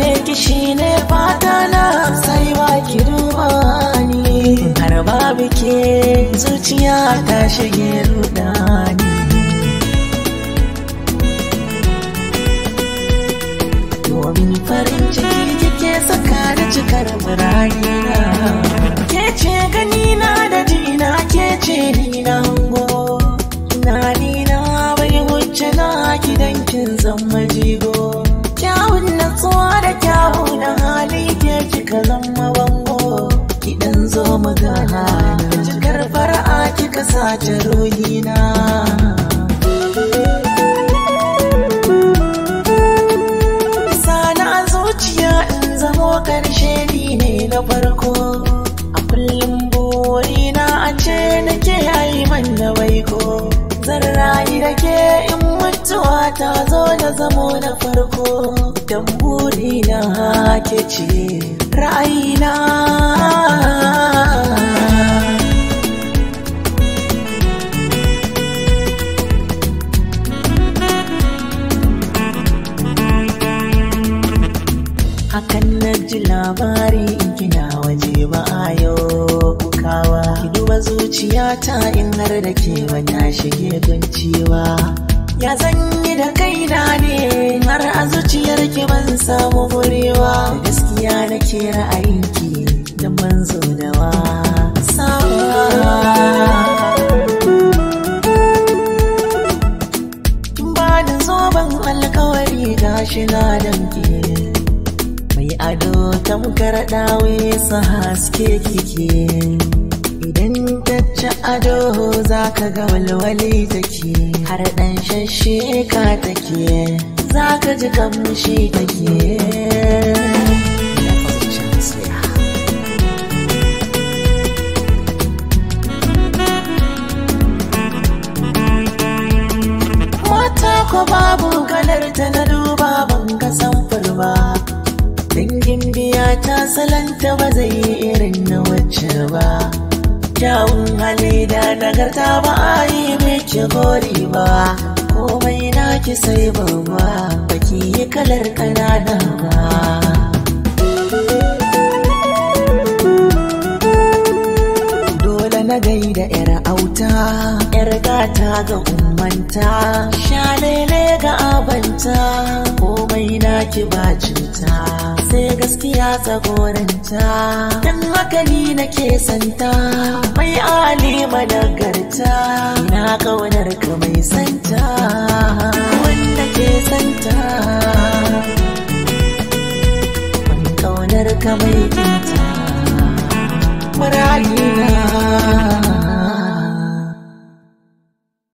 same ki shine fata na sai ba ki duba ni har babu ke zuciya ta shige rudani domin farin ciki kike saka da cikar birane ke ce gani na da jina ke ce ni na hango tunani na bai wuce na gidan kin zama jigo sace ruhina sana zuciya in zamo karshe ni ne na farko a kullum burina a ce nake yayi man na baiko zan rayu da ke in mutuwa ta zo da zamo na farko dan burina ke ce ra'ayina hakan na ji labari in kina waje ba a yau kukawa ki duba zuciyata in har da ke wata shige guncewa ya zanyi da kaina ne har a zuciyar ki ban samu burewa gaskiya nake ra'ayinki da ban zo da wa Bani zoben alkawari gashi na damke ado tamkar dawe su haske kike idan tacce ado za ka ga walwali take har dan shashe ka take za ka ji kamshi take salanta ba zai yi irin na wacce ba kyawun hali da nagarta ba a yi miki gori ba komai na ki sai babba baki yi kalar kanana ba yar gata ga umanta shalele ga abanta komai na ki bacinta sai gaskiya tsagoranta dan haka ni nake santa mai ali managarta na kaunar ka mai santa wanda ke santa ban kaunar ka mai